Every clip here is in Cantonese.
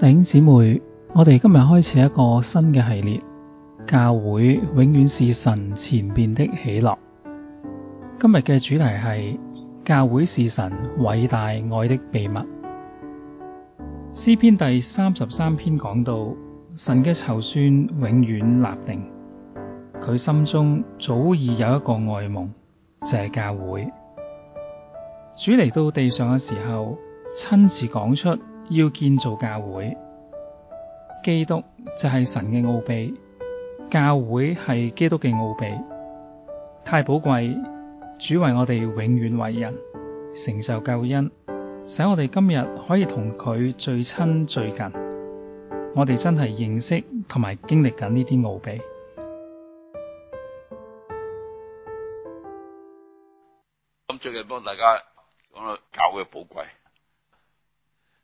弟兄姊妹，我哋今日開始一個新嘅系列，教會永遠是神前面的喜樂。今日嘅主題係教會是神偉大愛的秘密。詩篇第三十三篇講到，神嘅籌算永遠立定，佢心中早已有一個愛夢，就是教會。主嚟到地上嘅時候，親自講出。要建造教會，基督就係神嘅奧秘，教會係基督嘅奧秘，太寶貴。主為我哋永遠為人，成就救恩，使我哋今日可以同佢最親最近。我哋真係認識同埋經歷緊呢啲奧秘。咁最近幫大家講到教會嘅寶貴。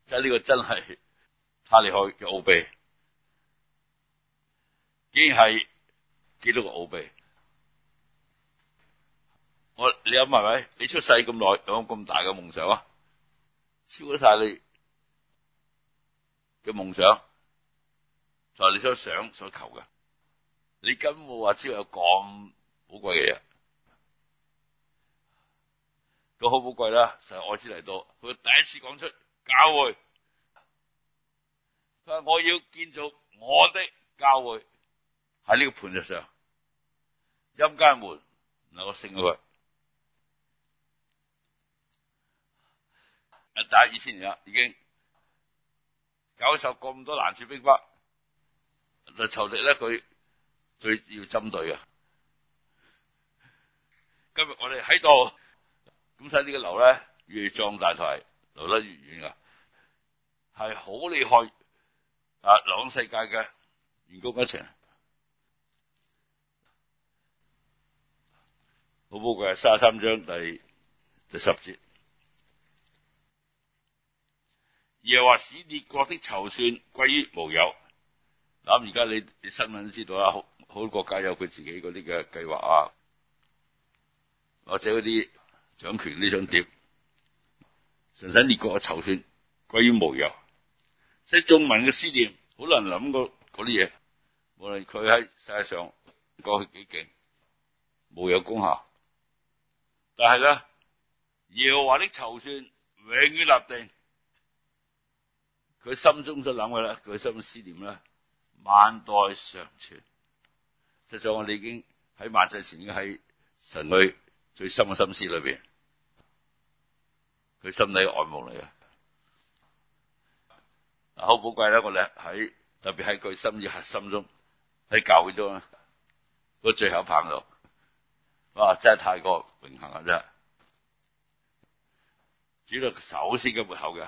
真呢個真係太厲害嘅奧秘，竟然係幾多個奧秘。我你諗下咪，你出世咁耐，有冇咁大嘅夢想啊？超咗晒你嘅夢想，就係你所想所求嘅。你根本冇話只有咁寶貴嘅嘢，咁好寶貴啦！成愛子嚟到，佢第一次講出。教會，佢話我要建造我的教會喺呢個磐石上。陰間門嗱，唔能勝過，一打二千年啦，已經九十個咁多難處逼迫，嚟湊力咧，佢最要針對啊！今日我哋喺度，咁睇呢個樓咧越壯大台。走得越遠，遠啊，係好厲害啊！兩世界嘅員工一齊，好冇嘅三十三章第、第十節，又話使列國的籌算歸於無有。咁而家你你新聞知道啦，好多國家有佢自己嗰啲嘅計劃啊，或者嗰啲掌權呢想點。神使列國嘅籌算歸於無有，即係眾民嘅思念，好難諗過嗰啲嘢。無論佢喺世界上過去幾勁，冇有功效。但係咧，耶和華的籌算永遠立定，佢心中所諗嘅咧，佢心中思念咧，萬代常存。實際上，我哋已經喺萬世前已經喺神佢最深嘅心思裏邊。佢心底愛慕嚟嘅，好寶貴啦！我哋喺特別喺佢心意核心中，喺教會中啊，個最後棒度，哇！真係太過榮幸啦，真係。主係首先嘅末後嘅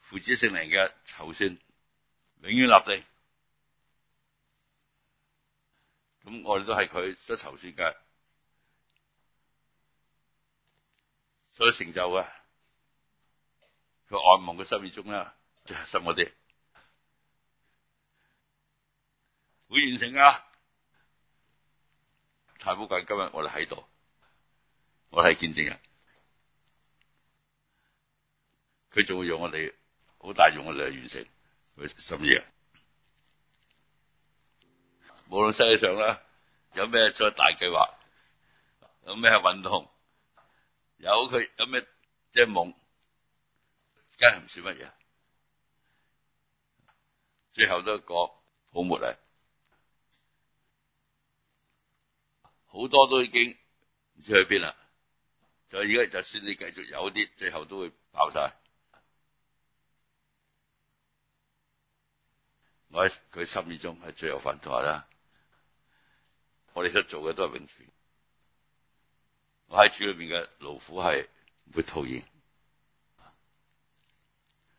父子聖靈嘅籌算，永遠立定。咁我哋都係佢執籌算嘅。所以成就啊！佢外望嘅心意中啦，就係心嗰啲會完成啊！太保棍今日我哋喺度，我哋係見證人，佢仲會用我哋好大用，我哋去完成佢心意啊！無論世界上啦，有咩再大計劃，有咩運動。有佢有咩即係夢，梗係唔算乜嘢。最後都一個泡沫嚟，好多都已經唔知去邊啦。就而家就算你繼續有啲，最後都會爆晒。我喺佢心意中係最後份，台啦。我哋出做嘅都係永存。喺主裏邊嘅老虎係唔會討厭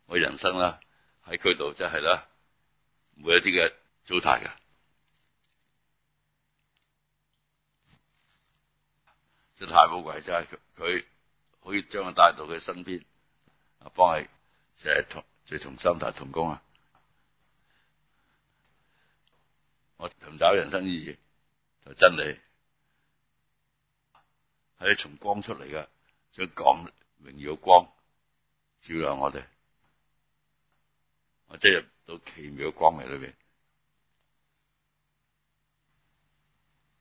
我人生啦，喺佢度真係啦，唔會有啲嘅糟蹋嘅，真係太寶貴真係，佢可以將我帶到佢身邊，放喺成同最重心同工啊！我尋找人生意義就係真理。係從光出嚟㗎，想講榮耀光照亮我哋，我進入到奇妙嘅光明裏邊，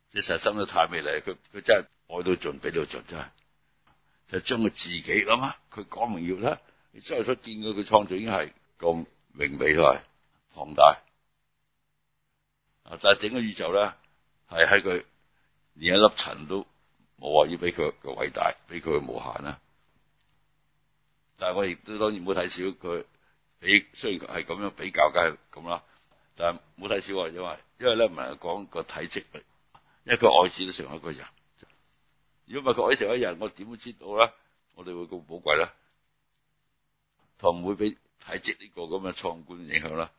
即神心都太美麗，佢佢真係愛到盡，俾到盡，真係就將、是、佢自己啦嘛。佢講榮耀啦，你真係所見到佢創造已經係咁榮美同係龐大，啊！但係整個宇宙咧係喺佢連一粒塵都。我話要畀佢個偉大，畀佢個無限啦。但係我亦都當然冇睇小佢，比雖然係咁樣比較梗係咁啦。但係冇睇小。因為因為呢，唔係講個體積，因為佢愛自己成為一個人。如果唔係佢愛成為一個人，我點會知道咧？我哋會咁寶貴啦，同唔會畀體積呢個咁樣創觀影響啦。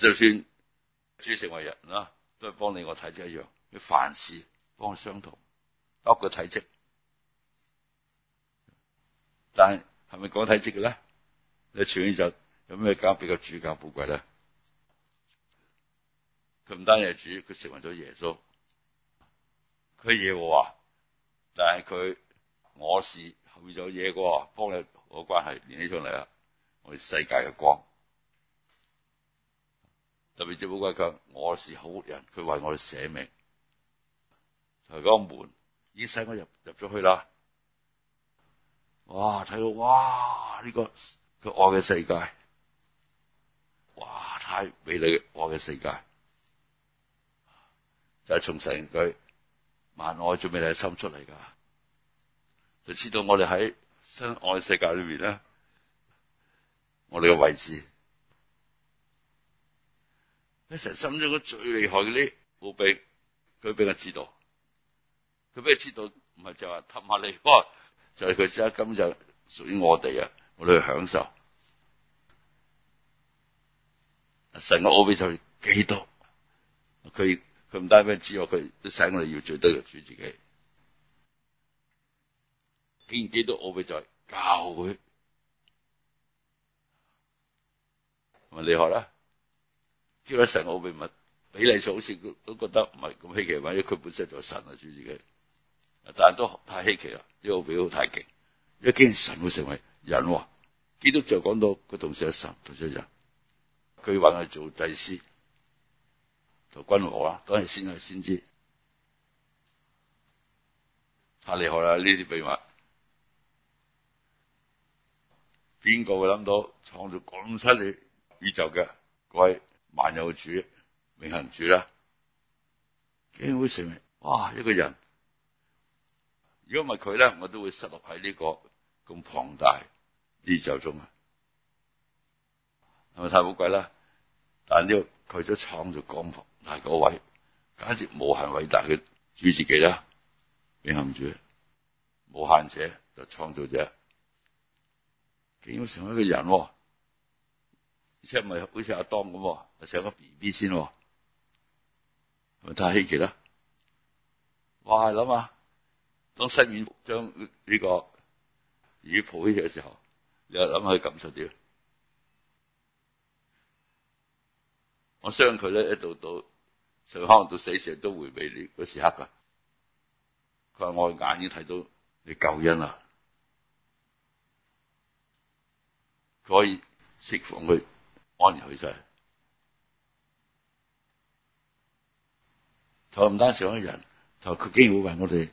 就算主成為人啦，都係幫你我體積一樣，要凡事。幫佢相同，多個體積，但係係咪講體積嘅咧？你前面就有咩交比較主教寶貴咧？佢唔單止係主，佢成為咗耶穌，佢耶和華，但係佢我是後面有耶和華幫你我關係連起上嚟啦。我哋世界嘅光特別最寶貴，佢我是好人，佢為我哋捨命。嗰個門已經使我入入咗去啦！哇，睇到哇，呢個佢愛嘅世界，哇，太美麗嘅愛嘅世界，就係從神佢萬愛最美麗嘅心出嚟噶，就知道我哋喺新愛世界裏邊咧，我哋嘅位置成日心中最厲害嘅啲奧祕，佢俾我知道。佢咩知道？唔係就話氹下你，個、哦，就係佢先。根本就屬於我哋啊！我哋去享受神嘅奧秘在基督？佢佢唔單止知我，佢都使我哋要最多嘅主自己。竟然基督奧秘在教會，咪厲害啦！呢個神奧秘物、就是、比例上好似都都覺得唔係咁稀奇，或者佢本身就神嘅、啊、主自己。但係都太稀奇啦！呢個表太勁，因為神會成為人。基督就講到佢同時係神，同時係人。佢話佢做祭司、做君王啦。當然先係先知，太厲害啦！呢啲秘密，邊個會諗到創造咁犀利宇宙嘅？各位萬有主、永恆主啦，竟然會成為哇一個人！如果唔係佢咧，我都會失落喺呢、這個咁龐大宇宙中啊，係咪太寶貴啦？但呢、這個佢都創咗咁龐大嗰位，簡直無限偉大嘅主自己啦，永恆主，無限者就創造者，竟然成為一個人、哦，而且唔係好似阿當咁、哦，係成個 B B 先、哦，係咪太稀奇啦？哇，諗啊當西面將呢個雨抱起嘅時候，你又諗佢感受啲。我相信佢咧，一度到，甚至可能到死時都回味你。個時刻噶。佢話我眼睛已經睇到你救恩啦，可以釋放佢安然去世。佢唔單止係一個人，佢竟然為我哋。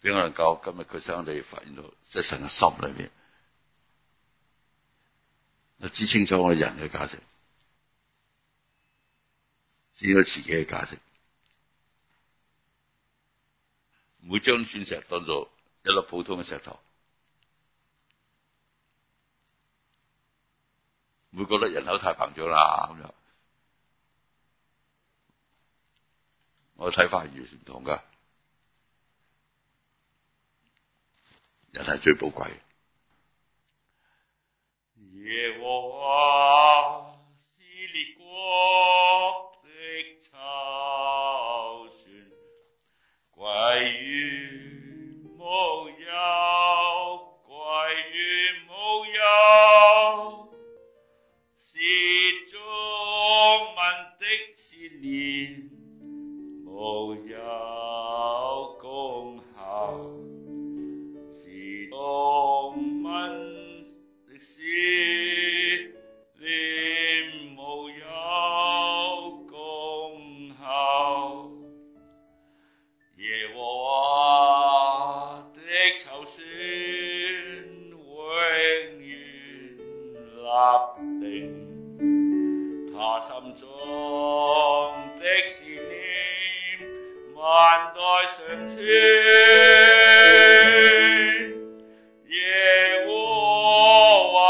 俾我哋教，能夠今日佢生地發現到，即係神嘅心裏面，知我知清楚我人嘅價值，知咗自己嘅價值，唔會將鑽石當做一粒普通嘅石頭，唔會覺得人口太膨脹啦，我睇法完全唔同㗎。人係最寶貴。